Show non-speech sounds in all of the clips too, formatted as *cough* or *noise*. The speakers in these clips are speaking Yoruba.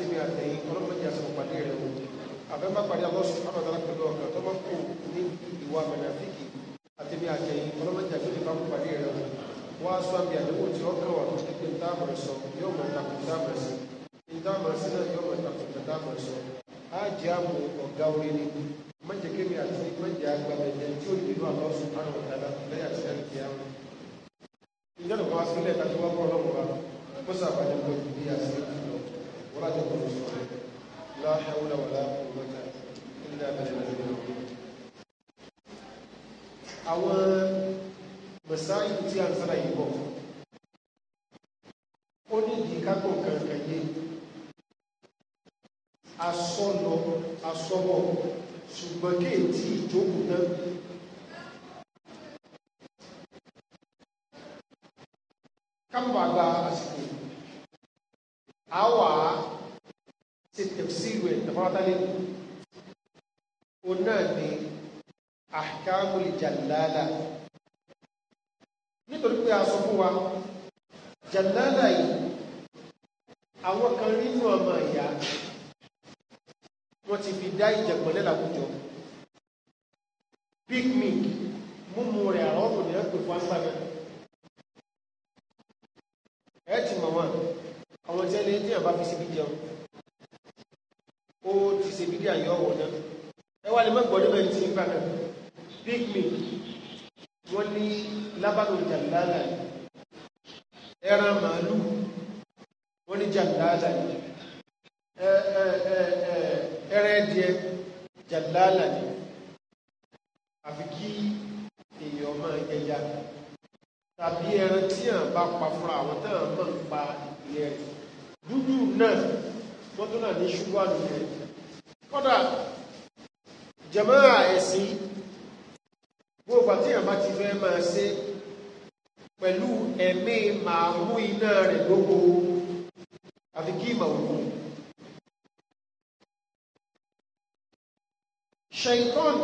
àtẹ́bí àtẹ́yìn ọlọ́mọdé àsìkò pàdé rẹ̀ o àfẹ́mà pàdé alọ́sùn àbàdàlá pẹ̀lú ọ̀gá tó bá kú ní ìwà mẹ̀nàfíkì àtẹ́bí àtẹ́yìn ọlọ́mọdé àgbélé bá kú pàdé rẹ̀ o wá sọ àbí àdéhùn tí ó kàn wà tó ti pé ń dáàmọ̀ sọ yóò mọ̀ takùn dáàmọ̀ sí ń dáàmọ̀ sí náà yóò mọ̀ takùn dáàmọ̀ sọ á jẹ́ àmọ̀ ọ̀gá orí ni mọ̀jẹ̀ kémi àti mọ̀jẹ̀ agbábẹ̀jẹ̀ tí ó nínú àlọ́sùn àrùn ọ̀dàlá lẹ́yà sí àlùkìyà wọn. ìjọba wa sílẹ̀ tàbí wọ́n kọ́ ọlọ́run wa kó sàbàjẹ́ pẹ̀lú bí a لا حول ولا قوة إلا بالله àwọn mẹsáyì tí a ń sára yìí bọ̀ ó ní ìdí kákò kankan yé asọ́lọ ìfúrátálé o náà ni ahkamul jàlálà nítorí pé a sọ fún wa jàlálà yìí àwọn kan nínú ọmọ ìyá wọ́n ti fi dá ìjẹ̀pọ̀lẹ́ làwùjọ big milk múmu rẹ̀ àrọ́ ọ̀rùn ní ẹ̀pẹ̀ fún agbára ẹ̀ ti mọ̀ wọn àwọn tí ẹni tí ẹ̀ bá fi síbi jẹun ó ti ṣe bídíà yọ ọ̀wọ̀ náà ẹ wá lè mọ́gbọ́n níbẹ̀ tí ń bá náà big me wọ́n ní lábàlù jàndálà ẹran màálù wọ́n ní jàndálà ẹran ẹdìẹ jàndálà ni àfi kí èèyàn máa ẹja tàbí ẹran tí à ń bá pa fúnra àwọn tí à ń máa ń pa ìyẹn dúdú náà mọ́túnà ní ṣúgbà nìyẹn kọ́dà jàmáà ẹ̀sìn gbogbo àti ìyàmbá ti fẹ́ máa ṣe pẹ̀lú ẹ̀mí màá mú iná rẹ̀ gbogbo àfi kí ìmọ̀ òkú ṣẹ̀ìtọ́n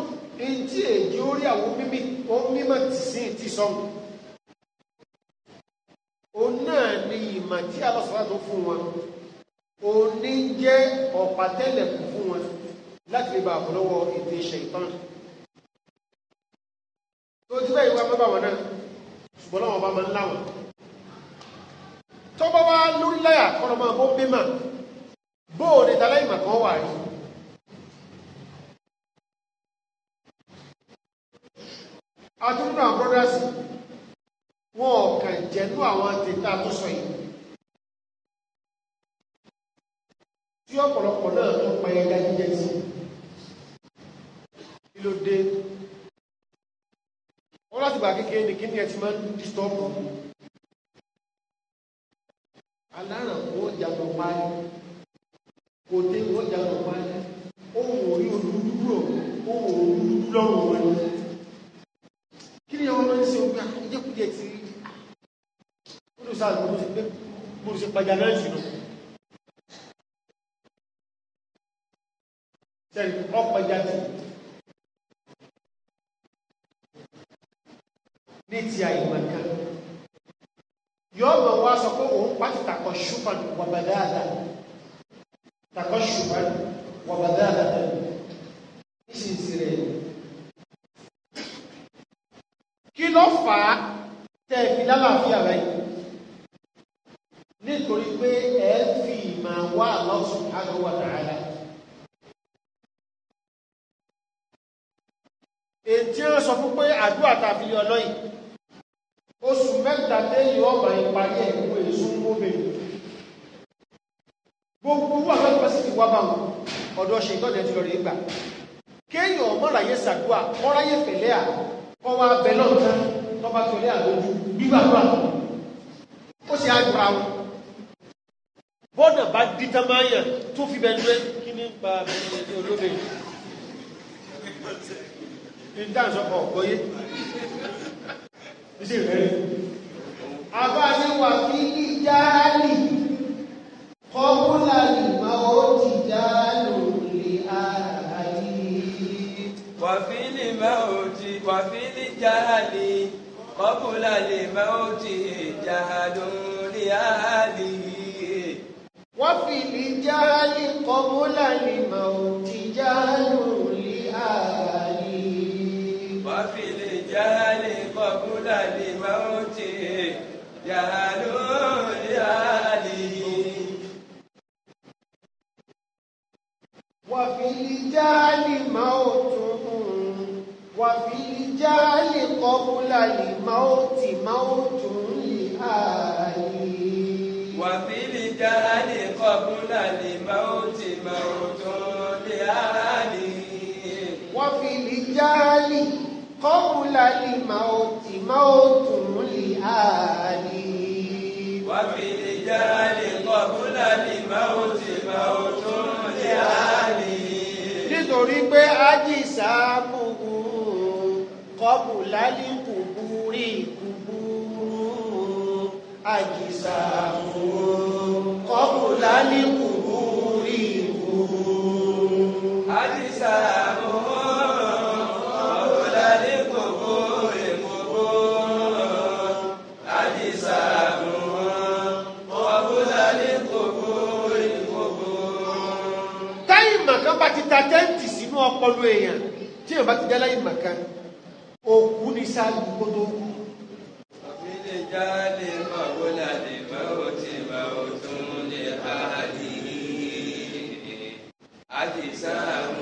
in tí èjì orí àwọn mímí o mímọ̀ tì sí ti sọ o náà ni ìmọ̀ tí alọ́sọ̀rọ̀ tó fún wọn òní jẹ́ ọ̀pátẹ́lẹ̀kù fún wọn láti lè bá àbọ̀lọ́wọ́ ètò ìṣẹ̀ ìtàn tó ti bẹ́ẹ̀ wá mẹ́bà wọn náà ṣùgbọ́n láwọn ọba máa ń láwọn tọ́bọ́ wá lórí láyà kọ́nà máa bó mímà bóò ní tàlẹ́ ìmà kan wà rí àtúntò àwọn brọ́dásì wọn ọ̀kàn jẹ́nú àwọn tètà tó sọ yìí tí ọ̀pọ̀lọpọ̀ náà tó pa ẹja jíjẹ sí kí ló dé wọ́n láti gbà kékeré ní kí ni ẹ ti máa ń dìstọ́pù aláràn kó jàdọ̀ páyé kò dé kó jàdọ̀ páyé ohun orí olúdúró ohun olúdúró lọ́rùn wọn kí ni àwọn ọmọ ń ṣe ogun àkójẹkùjẹ ti olùsàlùmọ́ ti pé mo ti pàjá náà sí lọ́wọ́. tẹ̀lé ọ̀pọ̀ jáde ní ti àyèmọ̀ kan yọ ọmọ wa sọ pé òun pàtì takọ ṣùgbọ́n wàbàdà àdá takọ ṣùgbọ́n wàbàdà àdá ìṣìṣirẹ̀ kí ló fà á tẹ̀ fi lálàáfíà rẹ̀ nítorí pé ẹ̀ fi ìmọ̀ wá Allah subhanahu wa ètí ń sọ fún pé àdúrà tàbí ọlọ́yìn oṣù mẹ́ta lẹ́yìn ọmọ ìparí ẹ̀kú èso ń gbóbe gbogbo wà lọ́dún pẹ́sì ti wá bá wọn ọ̀dọ̀ ṣe ìtọ́jẹ́ ti lọ́rẹ̀ gbà kéèyàn mọ́ráyé sàdúà mọ́ráyé fẹ̀lẹ́ à kọ́ wá bẹ lọ́ọ̀tá tọ́ba fẹ̀lẹ́ àlójú gbígbàdúrà ó ṣe àjùra wọn bọ́ọ̀nà bá dítà máa yàn tó fi bẹ́ẹ̀ lé kí ní pa olóbe ìdáǹsọ́kọ̀ ọ̀pọ̀yé ìṣe ìrẹ́rẹ́ àbá ní wà kí ìjáàlì kọ́kúnlá ìgbà ó ti jáàlò lè ààyè wàfíìlì máa ò ti wàfíìlì jáàlì kọ́kúnlá máa ó ti jáàlò lè ààyè wàfíìlì jáàlì kọ́kúnlá máa ó ti jáàlò الموت يا نور وفي الجهل موت وفي الجهل قبل الموت موت لآلي وفي الجهل قبل الموت موت لآلي وفي الجهل قبل الموت موت لآلي وفي الرجال قبل الموت موت لآلي nítorí pé ájísà gbogbo kọbùlá ní kùbúrí kùbúrú ájísà gbogbo. ta tẹ́ǹtì sínú ọpọlọ èèyàn tí èèyàn bá ti jẹ́ láyé màkan òkú ní sáájú kó tó kú. àfihàn jáde máa wọlé àdìmọ́ òtí máa tún lè ha àdìyí àdìsáàmù.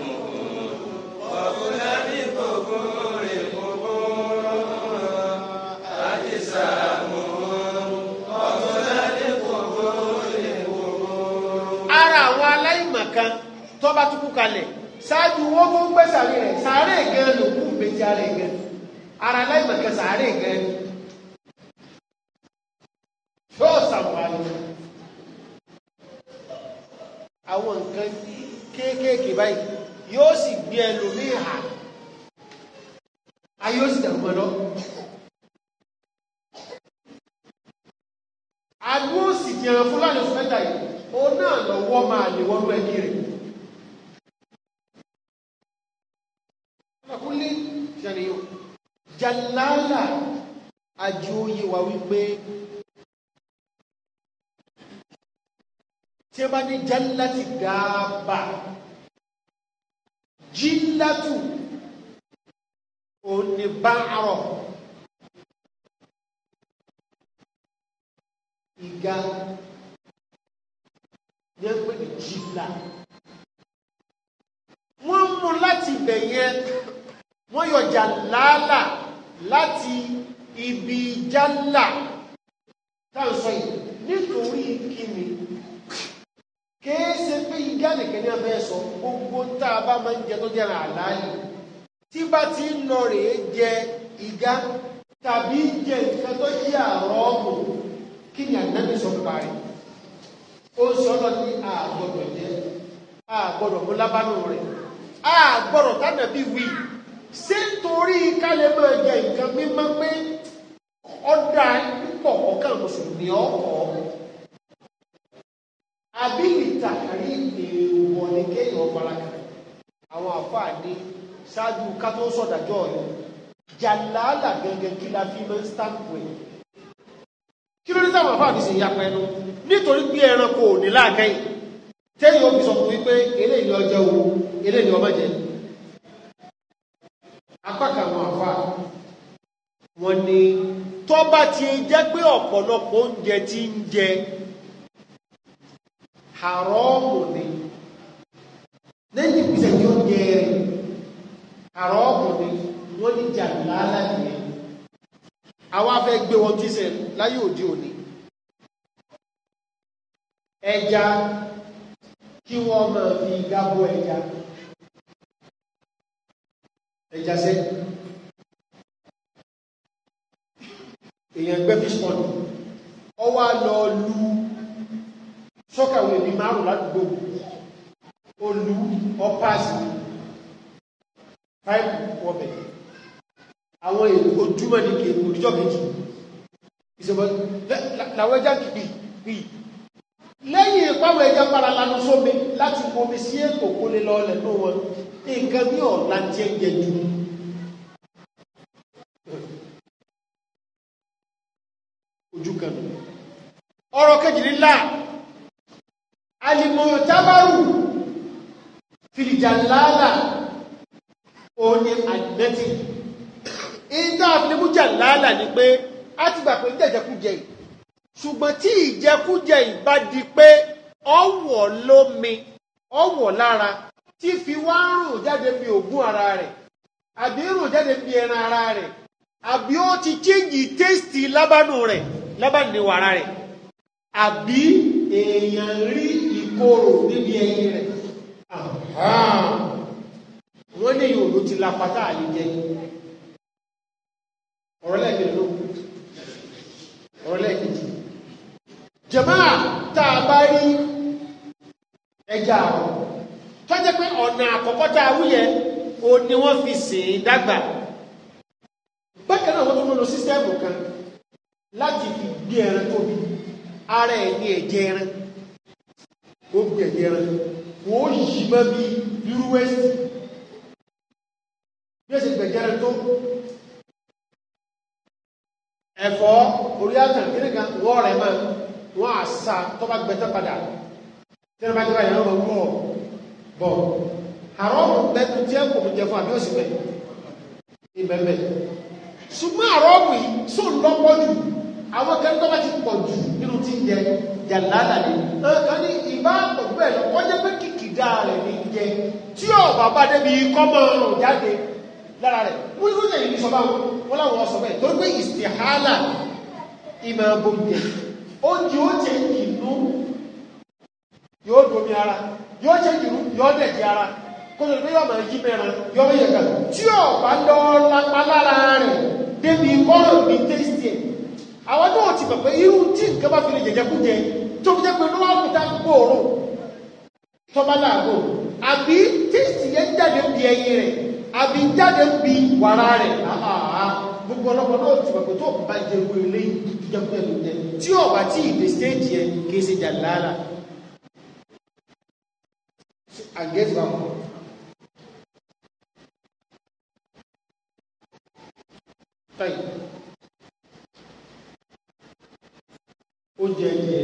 tó bá tún kú kalẹ̀ ṣáájú wọn tó ń gbé sàárè rẹ̀ sàárè gan ló kú méjì ara ẹ̀ gan ara láìmọ̀kẹ́ sàárè gan yóò ṣàwárí àwọn nǹkan kéékèèké báyìí yóò sì gbé ẹlòmíì hà ayé ó sì dàrú mọ́ lọ. àdúró sì jẹun fúlàní oṣù mẹ́ta yìí ó náà lọ́wọ́ máa lè wọ́n mú ẹbí rẹ̀. kíni yóò jàlálà àjòyè wà wípé tí a bá ní jàlálà ti dáàbà jìlátù òní báàrọ̀ ìga ní ẹgbẹ́ ìjìlá mú láti bẹ̀yẹ wọ́n yọ jàlálà láti ibi jálà táǹsọ yìí nítorí kíni kéése pé igá nìkan ní abẹ́ sọ gbogbo tá a bá máa ń jẹ tó jẹ́ àlàyé tí bá ti ń lọ rèé jẹ igá tàbí jẹ nǹkan tó jẹ́ àrọ́ ọmọ kí ni ànábì sọ pa ó sọ lọ ní àgbọ̀dọ̀ jẹ àgbọ̀dọ̀ mú lábánú rẹ̀ àgbọ̀dọ̀ tánàbí wíì ṣé torí kálẹ̀ máa jẹ nǹkan mímọ́ pé ọ̀dà púpọ̀ ọ̀kan mùsùlùmí ọkọ̀ àbílìtà rí èèwọ̀ ní kéèyàn ọ̀pọ̀lọpọ̀ àwọn àfáà ní ṣáájú ká tó sọ̀dájọ́ ọ̀yọ́ jàlálà gẹ́gẹ́ kí la fi máa ń stampu ẹ̀ kí ló ní táwọn àfáà fi sì ya pẹ́nu nítorí pé ẹranko ò ní láàkẹ́yìn tẹ́yìn ó fi sọ fún wípé eléyìí ọjọ́ wo eléyìí ọmọ jẹ́ ni tó bá ti jẹ́ pé ọ̀pọ̀lọpọ̀ oúnjẹ tí ń jẹ haramu ni lẹ́yìn ìpìsẹ̀ tí ó jẹ rẹ̀ haramu ni wọ́n ní jà lálàyé àwọn afẹ́ gbé wọn tí sẹ láyé òdí òní ẹja kí wọ́n máa fi gábó ẹja ẹja sẹ́yìn èèyàn gbẹ́ fishpond ọ wá lọ lu sọ́kàwé bíi márùn ládùúgbò ó lu ọ́pàásì pipe wọ́bẹ̀ àwọn ojúmọ̀ ní kí òdíjọ́ kejì ìṣẹ̀bọ̀ làwọn ẹja kìí pì lẹ́yìn ìpáwọ̀ ẹja para lanu sómi láti mọ omi sí ètò kólé lọ́ọ̀lẹ̀ náà wọn nǹkan bí ọ̀la jẹ́ jẹ́ jù Ọrọ ọ̀rọ̀ kejìlélá alìmọ̀tàbárù fìlìjàláàlà òní àdìmẹ́tì ìta àfinibújàláàlà ni pé a ti gbà pé jẹ́jẹkújẹ yìí ṣùgbọ́n tí ìjẹkújẹ yìí bá di pé ọwọ̀ lómi ọwọ̀ lára tí fi wá rùn jáde bí ara rẹ̀ àbí rùn jáde bí ẹran ara rẹ̀ àbí ó ti lábánú rẹ̀ lọ́bàá ní wàrà rẹ̀ àbí èèyàn rí ìkorò níbi ẹyin rẹ̀ wọ́n ní yòòlù ti la pátá àyè ọ̀rọ̀lẹ́gbẹ̀ẹ́ ló ọ̀rọ̀lẹ́gbẹ̀ẹ́ jẹ̀má tá a bá rí ẹja àwọn tó jẹ́ pé ọ̀nà àkọ́kọ́ tá a wúyẹ o ni wọ́n fi sìn ín dàgbà bákan náà wọ́n tún lọ sísẹ́ẹ̀mù kan láti fi gbé ẹran tóbi ara ẹ̀yìn ẹ̀jẹ̀ ẹran ó gbé ẹ̀jẹ̀ ẹran wọ́n yí mọ́ bí irú wẹ́sì bí ẹ̀sìn gbẹ̀jẹ̀ ẹran tó ẹ̀fọ́ orí àtàn kí nìkan wọ́n rẹ̀ mọ́ wọ́n á sa tó bá gbẹ̀tẹ̀ padà tí wọ́n bá jẹ́ báyìí wọ́n wọ́ bọ̀ àrọ́mù bẹ́tù tí ẹ̀kọ́ kò jẹ fún àbí òsì mẹ́ ìbẹ̀mẹ̀ ṣùgbọ́n àrọ́mù yìí sóun lọ́pọ̀ jù àwọn kan tó bá ti pọ̀ jù nínú tí ń jẹ jàlálà ni ọkàn ní ìbá pọ̀ bẹ́ẹ̀ lọ wọ́n jẹ́ pé kìkìdá rẹ̀ ní jẹ tí ọ̀bà bá débi ikọ́ mọ́ ọrùn jáde lára rẹ̀ wúlúwúlú lẹ́yìn ní sọ́bà wọn láwọn sọ bẹ́ẹ̀ torí pé ìsìtìhálà ìmọ̀ bòmìnir oúnjẹ ó jẹ ìlú yóò domi ara yóò jẹ ìlú yóò dẹ̀ di ara kó lè yọ ọmọ yí mẹ́ran yọ mẹ́yẹ̀kan tí ọ̀bà lọ́ọ́ lápá lára rẹ̀ débi kọ́rọ̀ mi tẹ́sítì ẹ̀ àwọn náà ti pẹ̀pẹ́ irú tí nǹkan bá fi lè jẹ̀jẹ̀ kú jẹ tó fi jẹ́ pé ló wá kú tá gbòòrò tọ́ba láàgò àbí tíìsì yẹn jáde ń bi ẹyin rẹ̀ àbí jáde ń bi wàrà rẹ̀ gbogbo ọlọ́pàá náà ti pẹ̀pẹ́ tó bá jẹ owó ilé ìjọba ẹ̀lú jẹ tí ọba tí ìdè stéèjì yẹn kì í ṣe jà láàlà àgẹ́tì wa mọ̀ Thank you. ó jẹ ẹjẹ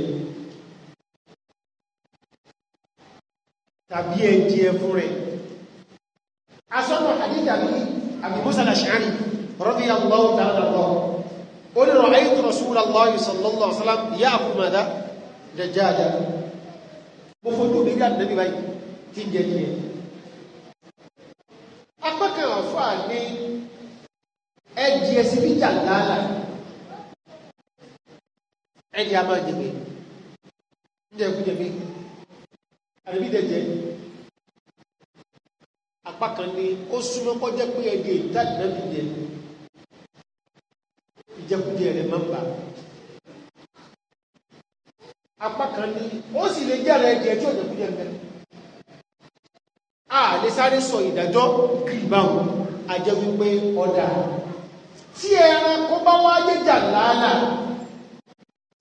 tàbí ẹjẹ fún rẹ̀ asọ́nà àdíjà ní àbìmọ́sàlá ṣàárì rọ́bí allahu ta'ala lọ ó ní rọ̀ ayétu rasulullahi sallallahu alaihi wasallam ìyá àkùnmọ̀dá dajjada mo fojú mi ká nàbí báyìí tí jẹ ní ẹ apákan àfáà ní ẹjẹ sí bí jà láàlàá ẹ̀yìn a máa jẹ̀gbẹ̀ ǹjẹ́ ẹ̀kú jẹ̀gbẹ̀ àdébí jẹ̀jẹ̀ apá kan ní ó súnmọ́ kọjá pé ẹgbẹ́ ìtàdì náà fi jẹ ìjẹkújẹ rẹ̀ máa ń a lè sáré sọ ìdájọ́ kìrì báwọn àjẹ́ wípé ọ̀dà tí ẹran wa laa la.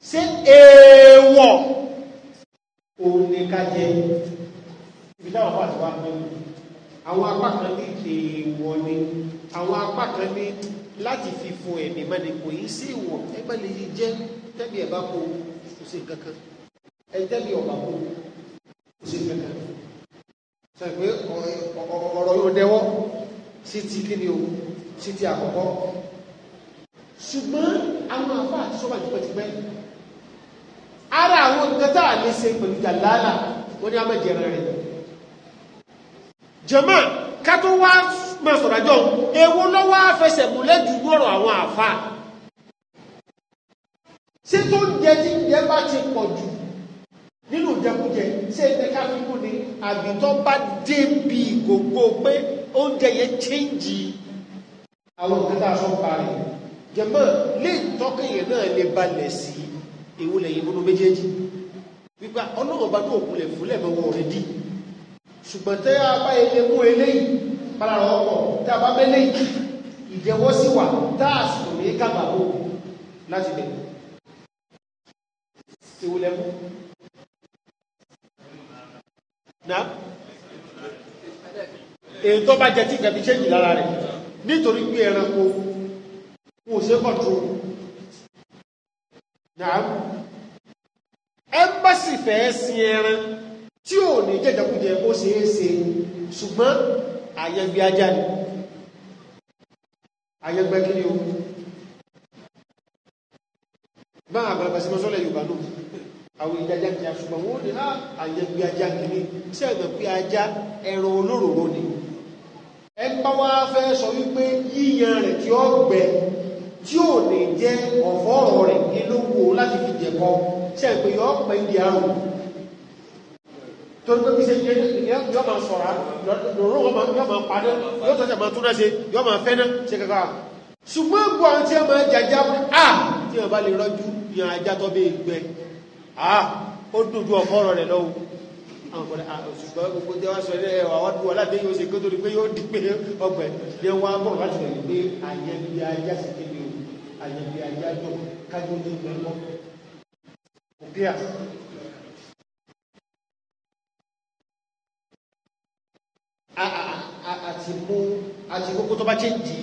ṣé èèwọ̀ òun ni ká jẹ ibi táwọn bá ti wá pẹ́ àwọn apá kan ní èèwọ̀ ni àwọn apá kan ní láti fi fún ẹ̀mí mẹ́ni kò yí sí ìwọ̀ ẹgbẹ́ lè yí jẹ́ tẹ́bí ẹ̀ bá kó kò sí kankan ẹjẹ́ bí ọ̀bà kó kò sí kankan sọ̀rọ̀ pé ọ̀rọ̀ yóò dẹwọ́ sí ti kí ni o sí ti àkọ́kọ́ ṣùgbọ́n àwọn àfáà sọ́wọ́ àti pẹ̀tìpẹ́ ara àwọn nǹkan tá lè ṣe pẹ̀lú jàlálà wọ́n ni a mẹ́jẹ̀ rẹ̀ jẹ́mọ́ ká tó wá mọ́ sọ̀rọ̀jọ́ ewu lọ́wọ́ afẹsẹ̀ múlẹ̀ jù gbọ́rọ̀ àwọn àfà ṣé tó ń jẹ tí ìjẹ bá ti pọ̀ jù nínú ìjẹkújẹ ṣé ẹgbẹ́ ká fi kú ni àgbìtọ́ bá dé bí gbogbo pé oúnjẹ yẹn chéǹjì àwọn nǹkan tá a sọ parí jẹ́mọ́ lè tọ́kìyàn náà lè balẹ̀ sí i èwo lẹ́yìn múnú méjèèjì wípé ọlọ́ọ̀bá náà kúnlẹ̀ fúnlẹ̀ mọ́wọ́ rẹ̀ dí ṣùgbọ́n tẹ́ a bá ilé mú eléyìí para ọkọ̀ tẹ́ a bá mẹ́lẹ̀ ìjẹ́wọ́ sí wà táàsì kò ní kábàáwò láti bẹ̀ èwo lẹ́mú náà èyí tó bá jẹ tí ìgbàbí ṣéjì lára rẹ̀ nítorí pé ẹranko wọn ò ṣe kọ̀tún nàámu ẹmbásì fẹ́ sin ẹran tí ò ní jẹjẹkújẹ ó ṣe é ṣe ṣùgbọ́n àyẹgbẹ ajá ni àyẹgbẹ kí ni o bá àgbàgbà sí mọ́sọ́lẹ̀ yorùbá náà àwọn ìdájá kí a ṣùgbọ́n wọ́n ní àyẹgbẹ ajá kí ni sí ẹ̀gbẹ̀ pé ajá ẹran olóròrò ni ẹ bá wá fẹ́ sọ wípé yíyan rẹ̀ tí ó tí ò lè jẹ́ ọ̀fọ́ ọ̀rọ̀ rẹ̀ elówó láti fi jẹ̀kọ́ ṣe pé yọ́ pẹ̀ ń di àrùn torí pé bí ṣe jẹ́ yọ́ máa sọ̀rá lọ́rọ̀ yọ́ máa padà yọ́ tọ́jà máa túnra ṣe yọ́ máa fẹ́ náà ṣe kẹ́kọ́ ṣùgbọ́n gbọ́ àwọn tí a máa jàjá à tí wọ́n bá lè rọ́jú ní ajá tó bí gbẹ à ó dùnjú ọ̀fọ́ ọ̀rọ̀ rẹ̀ lọ́wọ́ ṣùgbọ́n gbogbo àyẹ̀bí àyájọ́ kájọ́ ní ìgbẹ́lọ́ òpíà a àti kókó tó bá ṣe jì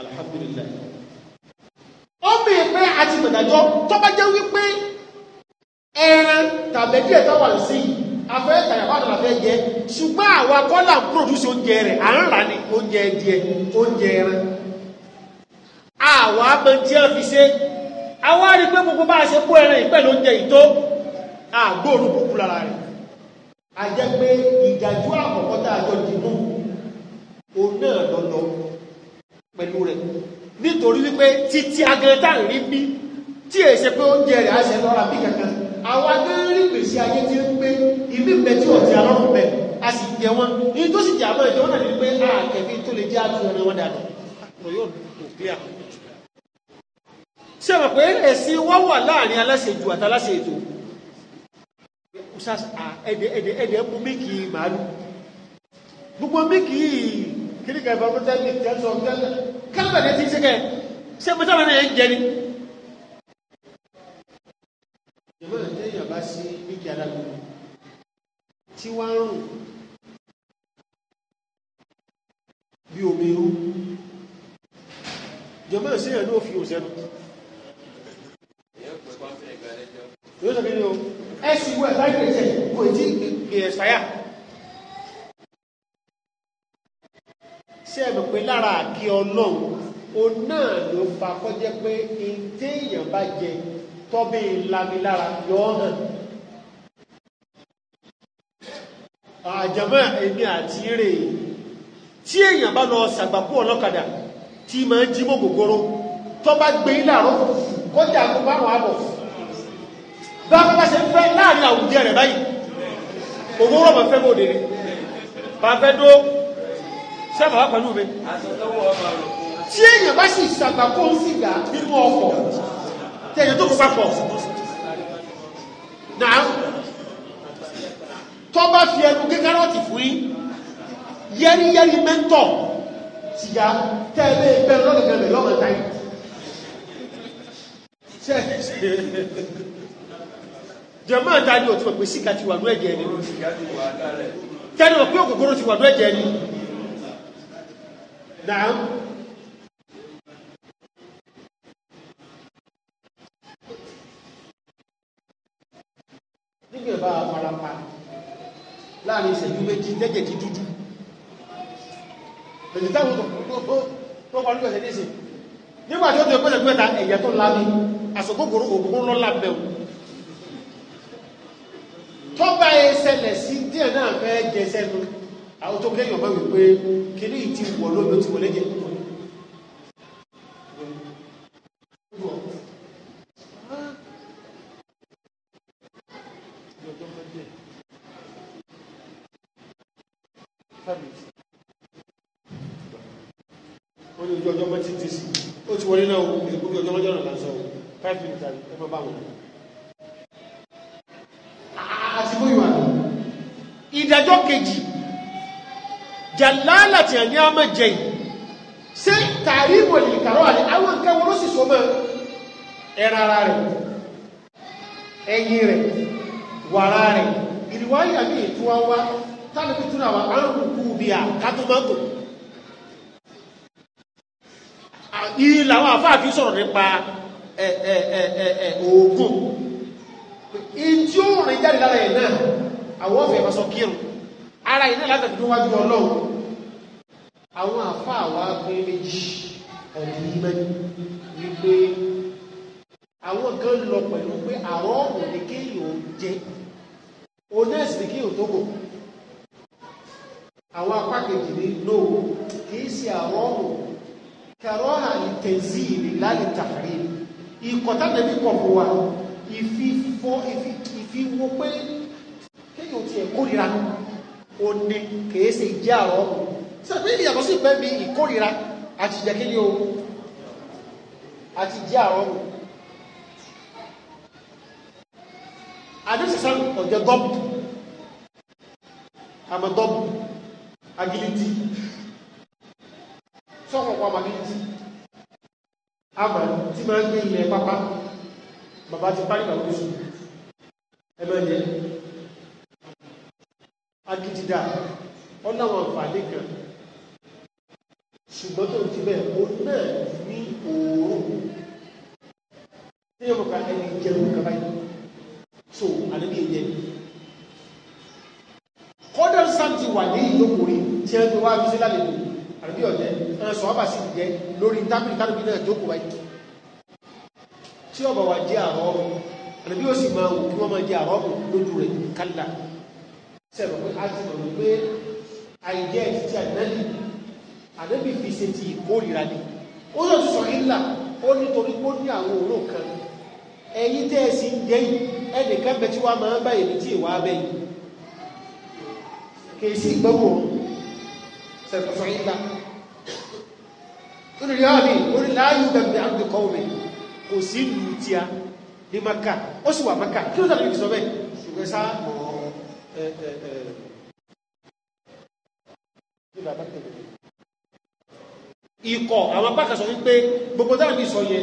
alhamdulillah o bí pé àti gbẹ̀dájọ́ tó wípé ẹran sí afẹ́ ìtàyàfà àtàlà fẹ́ jẹ ṣùgbọ́n àwa kọ́là ń pòdúsí oúnjẹ rẹ̀ à ń rà ní oúnjẹ díẹ̀ oúnjẹ ẹran àwa mọ tí a fi ṣe àwa rí pé gbogbo bá a ṣe kó ẹran ìpẹ́lú oúnjẹ ìtó àgbóòrùn kúkú lára rẹ̀ a jẹ́ pé ìdájú àkọ́kọ́ tá a jọ dìbò òun náà lọ́lọ́ pẹ̀lú rẹ̀ nítorí wípé títí agẹta rí bí tí èsè pé oúnjẹ rẹ̀ á ṣe lọ́ra bí kankan àwa gẹ́gẹ́ rí ayé tí ń pé ìmí ń bẹ tí ọ̀tí alọ́rùn bẹ a sì jẹ wọn ní tó sì jẹ àlọ́ ìjọ wọn nàní pé a kẹfí tó lè jẹ àtúnyọ ni wọn dànù mo yóò clear. ṣé àwọn pé ẹ̀sìn wọ́n wà láàrin aláṣejù àtàláṣe ètò ẹ̀dẹ̀ ẹ̀dẹ̀ ẹ̀dẹ̀ mú mílìkì màálù gbogbo mílìkì kíríkà ìfọwọ́tẹ́ ní tẹ́sán tẹ́lẹ̀ kálíbà ní ti ń ṣẹ́kẹ̀ ṣé mo sábà náà ń jẹ ni. ìjọba ìjẹyàn bá sí mílìkì tí wá ń rùn bí omi rú jọmọ́ ìsẹ́yàn ló fi òsẹ́nu yóò o ẹ̀sì wẹ̀ láìpẹ̀ẹ́sẹ̀ kò tí gbẹ̀ẹ̀sáyà sí ẹ̀mọ̀ pé lára àkí o náà ló fa kọjẹ́ pé èyí téèyàn bá jẹ tọ́bí lamilára yọ́ hàn àjàmọ́ ah, èmi àti rè tí èèyàn bá lọ sàgbàkú ọlọ́kadà tí ma ń jí mọ́ gògóró tó bá gbé ìlàrọ̀ kọjá àgbà àwọn àbọ̀ bá bá ṣe ń fẹ́ láàrin àwùjẹ rẹ̀ báyìí òwò rọ̀ máa fẹ́ mọ́ òdèrè bá fẹ́ dó sábà wá pẹ̀lú mi tí èèyàn bá sì sàgbàkú ń sìgá nínú ọkọ̀ tẹ̀yìn tó kó papọ̀ náà tó bá fi ẹnu kékerọ́tì fún yí yẹ́rìyẹ́rì mẹ́ntọ̀ ti ya tẹ́lẹ̀ bẹ́ẹ̀ lọ́gẹ̀gẹ̀lẹ̀ lọ́mọ táyì jẹ̀mọ́ àtà ni òtún pèsè ìka ti wà ní ẹ̀jẹ̀ ni tẹ́lẹ̀ òpin òkòkòrò ti wà ní ẹ̀jẹ̀ ni náà nígbà bá a fara pa láàrin ìṣẹ́jú méjì tẹ́jẹ̀ ti dúdú èyí táwọn tó wà lókè ṣẹ́dé sí nígbà tí ó tó pẹ́lẹ̀ pẹ́ta ẹ̀yẹ tó lábí àsòkòkòrò òkúkú lọ lábẹ̀wò tó bá ẹsẹ̀lẹ̀ sí díẹ̀ náà fẹ́ jẹ sẹ́nu àwọn tó kéyàn mọ́ wípé kìnnì ti wọ̀ lóbi ti wọlé jẹ́ jẹ yìí ṣé tààrí ìwòlì ìkàrọ̀ àti àwọn nǹkan wọn ló sì so mọ́ ẹran ara rẹ̀ ẹyin rẹ̀ wàrà rẹ̀ ìrìwáyà ní ètò wa wá tàbí tuntun àwọn arúgbùkú bí i àkátọ́mọ́tò ìlàwọ̀ àfáàfí sọ̀rọ̀ nípa oògùn ìjí ó rìn jáde lára ẹ̀ náà àwọn ọ̀fẹ́ ìbásọ kírùn ara ìná látàkì tó wájú ọlọ́run àwọn àfáà wa pín méjì ọ̀dùn mẹ́rin wípé àwọn kan lọ pẹ̀lú pé àrọ́ ọ̀hún ni kéèyàn jẹ onẹ́sì ni kéèyàn tó kò àwọn apá kejì ní lóòó kìí ṣe àrọ́ ọ̀hún kẹrọ àìtẹ̀sí ìrìlá lè tàfàrí ikọ̀ tàbí pọ̀ fún wa ìfífọ́ ìfíwó pé kéèyàn ti ẹ̀kórira ó ní kìí ṣe ìjẹ́ àrọ́ ọ̀hún sẹ́pẹ́ ìyàtọ̀ sí pẹ́ bí ìkórira àti ìjẹ́kílé o àti jẹ́ àrọ́ o adéṣẹ́sán ọ̀jẹ́ gọ́bù àmọ́gọ́bù agiliti sọ́kọ̀ọ̀kọ̀ àmàgiliti àmà tí máa ń gbé ilẹ̀ pápá bàbá ti parí bàbá oṣù ẹgbẹ́ jẹ́ agidida ọ̀nà àwọn àǹfààní kan ṣùgbọ́n tó ti bẹ́ẹ̀ ó náà ní òórùn tí yóò kọ́ka ẹni jẹun kaba yìí so ànábì yẹn jẹun kọ́dà sáǹtì wà ní ìlókòrí tí ẹni wá fi sí lálejò ànábì ọ̀jẹ́ ẹni sọ wábà sí ìjẹ lórí tábìlì tábìlì náà jókòó báyìí tí ọba wà jẹ àrọ́ ànábì ó sì máa wò kí wọ́n máa jẹ àrọ́ lójú rẹ̀ kálá sẹ́ẹ̀rọ̀ pé a ti mọ̀ wípé àìjẹ́ títí ànábì àdébì fi ṣe ti ìkórìíra ni ó yóò ti sọ ìlà ó nítorí pé ó ní àwọn òórùn kan ẹ̀yin tẹ́ ẹ sì ń jẹ́ yìí ẹnìkan bẹ tí wàá máa ń bá èmi tí ìwà abẹ́ yìí kì í sí ìgbọ́wọ́ sẹ̀kọ̀sọ̀ ìlà ó lè rí àmì orí láàyè gbàgbé àgbẹ̀kọ́ omi kò sí ìlú tí a ní maka ó sì wà maka kí ló dàbí ìsọ bẹ́ẹ̀ ṣùgbọ́n sá ẹ̀ ẹ̀ ẹ̀ ikọ̀ àwọn apákan sọ wípé gbogbo dáàbì sọ yẹ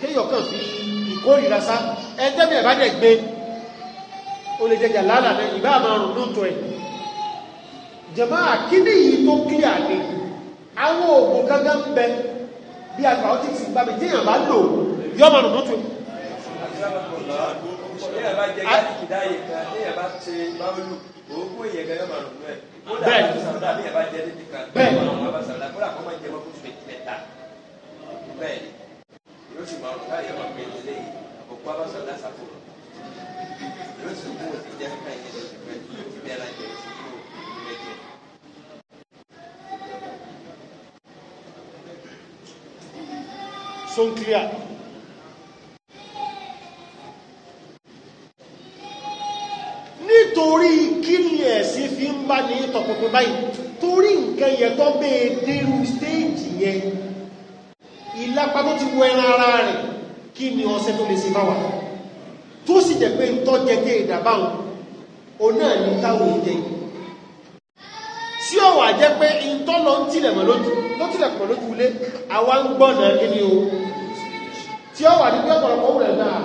kéyọ̀ kan fi ìkórìíra sá ẹgbẹ́ mi ẹ̀bádẹ́ gbé o lè jẹjà lálà rẹ ìbá àmàrùn lóòtọ́ ẹ̀ jẹ̀má kíní yìí tó kílíà ni àwọn oògùn gángan ń bẹ bí antibiotics ń gbàgbé téèyàn bá lò yọ ọmọ rùn lóòtọ́ ẹ̀ bẹ́ẹ̀ bẹ́ẹ̀ so clear. tọ̀pọ̀pọ̀ báyìí torí nǹkan yẹ tó bẹ́ẹ̀ dérú stéèjì yẹn ìlápá tó ti wọ ẹran ara rẹ̀ kí ni ọṣẹ tó lè ṣe bá wà tó sì jẹ́ pé ń tọ́jẹ dé ìdàbáwọn o náà ní táwọn ìjẹ tí ó wà jẹ́ pé ìtọ́lọ ń tilẹ̀mọ̀ lójú ló tilẹ̀mọ̀ lójú ilé àwa ń gbọ́nà kíní o tí ó wà ní pé ọ̀pọ̀lọpọ̀ wùrẹ̀ náà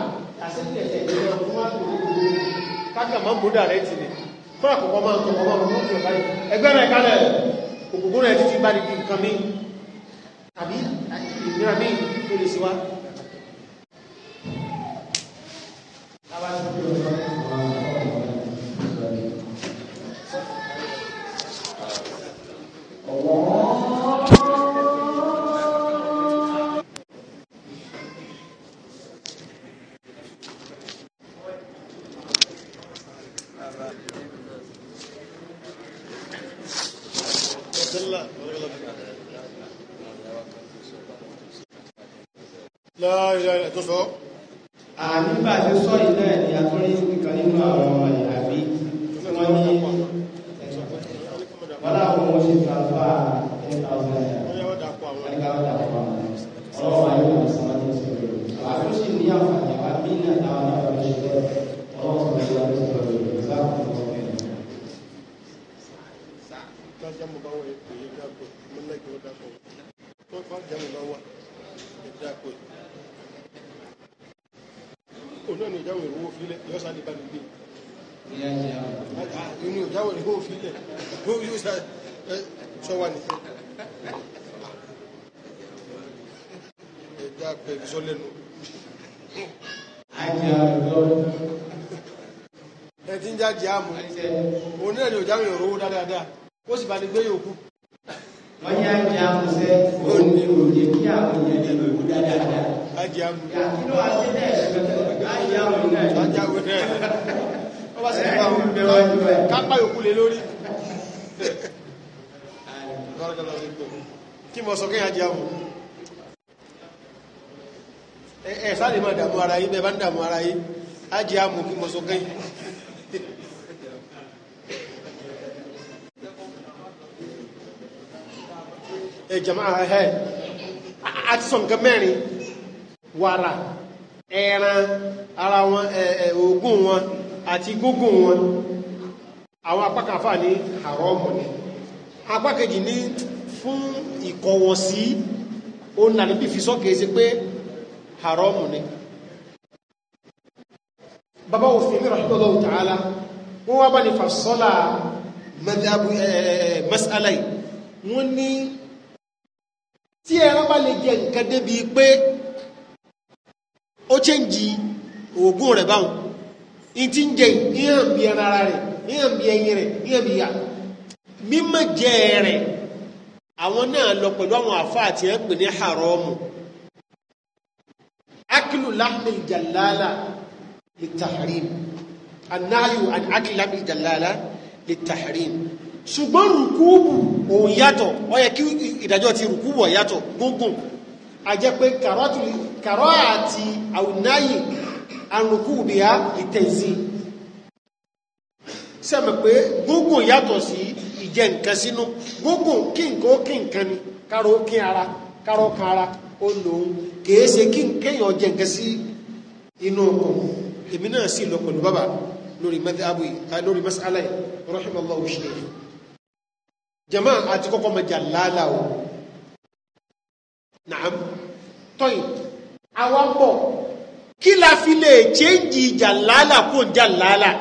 àṣẹ́lẹ̀ tẹ̀lé ọkùnrin kákàmọ́ bódà rẹ̀ tìlẹ̀ fún àkọ́kọ́ máa ń tọ́ ọmọ ọmọ òfin ọ̀bá yìí ẹgbẹ́ rẹ̀ kalẹ̀ òkùnkùn rẹ̀ títí bá di nǹkan mi tàbí ìmíràn mi tó lè síwá báwo wọ́n ṣe transfer ten thousand naira ẹ̀ka ọ̀dà fún wa ọlọ́wọ́ ayé wọn sọ wá ní sọ̀rọ̀ àwọn tó ṣe ní àǹfààní àwọn bí ní àtàwọn náà lọ ṣe bẹ́ẹ̀ ọlọ́wọ́ sọ wá ní sọ̀rọ̀ ìgbà fún wọn bẹ́ẹ̀. Jẹ́mu bá wọ ètò yìí dáko, mo lẹ́gbẹ̀ẹ́ ó dáko. Tó bá jẹ́mu bá wà, ẹ̀ dáko. Òun náà ẹ sọ wà ní. ẹ jẹ́ àpẹ ìbísọ́ lẹ́nu. ẹ ti ń jáde àmú òun náà ni ò jáwé òróró dáadáa ó sì bá ní gbé yòókù. wọ́n yá ń jẹ́ àmúṣẹ́ òun ni òye kí àwọn èèyàn lè lòó dáadáa. ajé àmú. inú wa ti dẹ̀ ajé àmú náà. ajé àmú náà. wọ́n bá sì ń bá wọn kápá yòókù lé lórí dollars epo kí mọ́ sọ kí yàn jẹ́ ọmọ ẹ̀ sáàlè máa dàmú ara yìí bẹ́ẹ̀ bá ń dàmú ara yìí á jẹ́ àmù kí mọ́ sọ kí ẹ̀ jẹ́mọ́ ahẹ́ àti sọ fún ìkọ̀wọ̀sí òun náà fi sọ́kè sí pé haramu ni bàbá òfin rahimahullahu ta'ala wọ́n wá bá ní fàṣọ́là madhabu mas'ala wọ́n ní tí ẹran bá lè jẹ nǹkan débi pé ó chẹ́ǹjì òògùn rẹ̀ báwọn ti ń jẹ ìhàn bí ẹran ara rẹ̀ ìhàn bí ẹyin rẹ̀ ìhàn bí mímọ̀ àwọn náà lọ pẹ̀lú àwọn àfá àti ẹ̀ pè ní haramu akilu lahmi jalala litahrim annayu an akilu lahmi jalala litahrim ṣùgbọ́n rùkúbù òun yàtọ̀ ó yẹ kí ìdájọ́ ti rùkúbù ọ̀yàtọ̀ gúngùn a jẹ́ pé kàrọ́ àti àwùnáyì àrùkúbù bí i sẹ́mi pé gúngùn yàtọ̀ sí ìjẹ nǹkan sínú gúngùn kí nǹkan ó kí nǹkan ni káró kí ara káró kan ara ó lòun kìí ṣe kí kéèyàn jẹ nǹkan sí inú ọkọ̀ èmi náà sì lọ pẹ̀lú bàbá lórí madhabu lórí mas'ala yìí rahimallahu shaykh jama àti kọ́kọ́ mọ̀jà lálá o naam tọ́yìn àwọn bọ̀ kí la fi lè ṣe ń jìjà lálá kó ń jà lálá.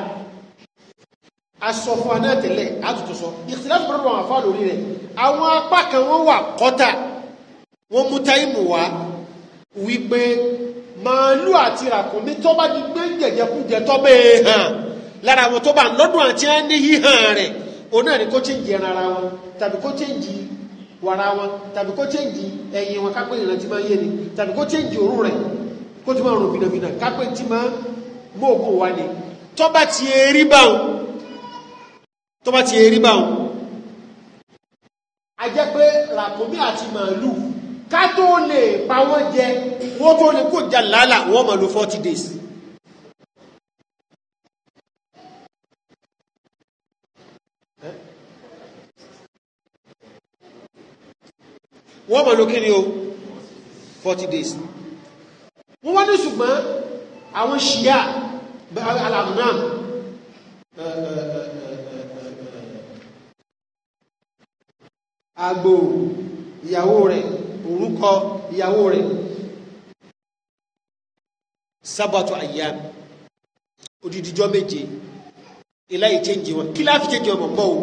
asọ̀fún aná tẹ̀lẹ̀ àtútù sọ ìtìláṣì àwọn àfá lórí rẹ̀ àwọn apá kan wọ́n wà kọ́tà wọ́n mú táìmù wá wípé màálù àti ràkúnmí tó bá di gbé tó bẹ́ẹ̀ hàn lára àwọn tó bá lọ́dún àti ẹ̀ ní híhàn rẹ̀ òun náà ni kó chéǹjì ẹran ara wọn tàbí kó chéǹjì wàrà wọn tàbí wọn kápẹ́ ìrántí máa ń yé ni tàbí wa ni tó ti rí tó bá ti rí báwọn a jẹ́ pé ràkúnmí àti màálù ká tó lè pa wọ́n jẹ wọ́n tó lè kó jà lálà wọ́n máa lò 40 days wọ́n máa lò kí ni o 40 days wọ́n wá ní ṣùgbọ́n àwọn ṣíyà alàmùnáà agbo ìyàwó rẹ orúkọ ìyàwó rẹ sábàtọ̀ àyà odidijọ́ méje ilá iche wọn kí láfi chéǹjì ọmọ mọ́ o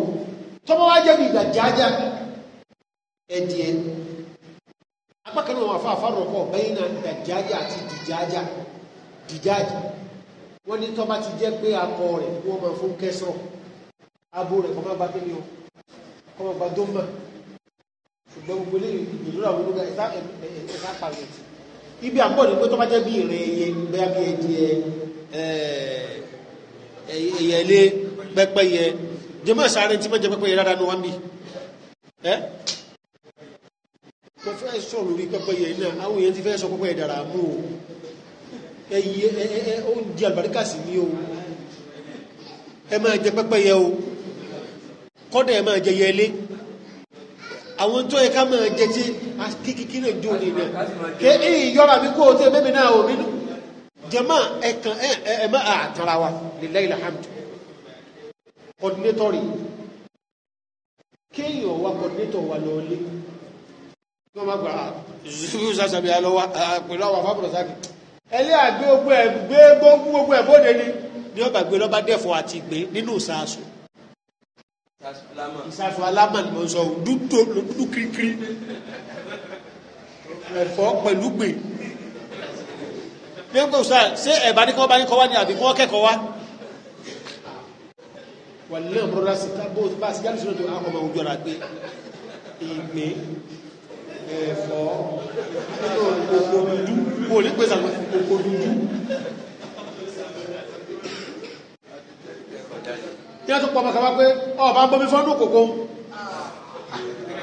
tọ́mọ́ wá jẹ bí ìdàjì ajá ẹ̀dìẹ̀ apákanú afọ afáfá rọ̀pọ̀ bẹ́yìn náà ìdàjì àti ìdìjì ajá ìdìjì ni wọ́n ti jẹ pé akọ rẹ wọ́n máa fún kẹsàn-án abo kọma kọ́ máa gba kí ni gbogbo lè ìlúra owó lóga ẹ̀sá ẹ̀sá pàrọ̀ ibi àpọ̀ ní pé tó bá jẹ́ bí ìrìn ẹyẹ bẹ́ẹ̀ bí ẹdìẹ ẹyẹ ilé pẹ́pẹ́yẹ jẹmọ́ ìsáré tí mọ́ jẹ pẹ́pẹ́yẹ rárá ní wọ́n bì ẹ́ mo fẹ́ sọ lórí pẹ́pẹ́yẹ náà àwọn èèyàn ti fẹ́ sọ pẹ́pẹ́yẹ dára mú o ẹyẹ oúnjẹ àlùbáríkà sí ní o ẹ máa jẹ pẹ́pẹ́yẹ o kọ́dà ẹ máa jẹ yẹlé àwọn tó yẹ ká mọ̀ jẹ tí kíkíkí náà jó ní náà ké èyí yọba mi kó o tẹ mẹ́mi náà o mi nù jẹ́mọ́ ẹ̀kan ẹ̀mọ́ àtàrà wa lillahi alhamdu kọ́dínétọ̀rì kéèyàn wa kọ́dínétọ̀ wa lọ́ọ́lé kí wọ́n má gbà zubú sàṣàbí alọ́wà pẹ̀lú àwọn afábọ̀rọ̀ sáàkì ẹlẹ́ àgbé gbogbo ẹ̀ gbé gbogbo ẹ̀ bóde ni ni ọba gbé lọ́ba dẹ̀fọ́ ìsàfù alámà ni mo sọ dúdú dúdú kíríkírí ẹ̀fọ́ pẹ̀lú gbè bí ó kò sáà ṣé ẹ̀bá ní kọ́ bá ní kọ́ wá ní àbí kọ́ kẹ́kọ̀ọ́ wá wà ní náà brọ́dá sí bó bá sí yálùsí lóto àwọn ọmọ ojú ara pé ìgbé ẹ̀fọ́ gbogbo dúdú kò ní pèsè àgbẹ̀ gbogbo dúdú tí wọ́n tó pọ̀ mọ́kànlá pé ọba gbọ́mí fọ́nú kòkó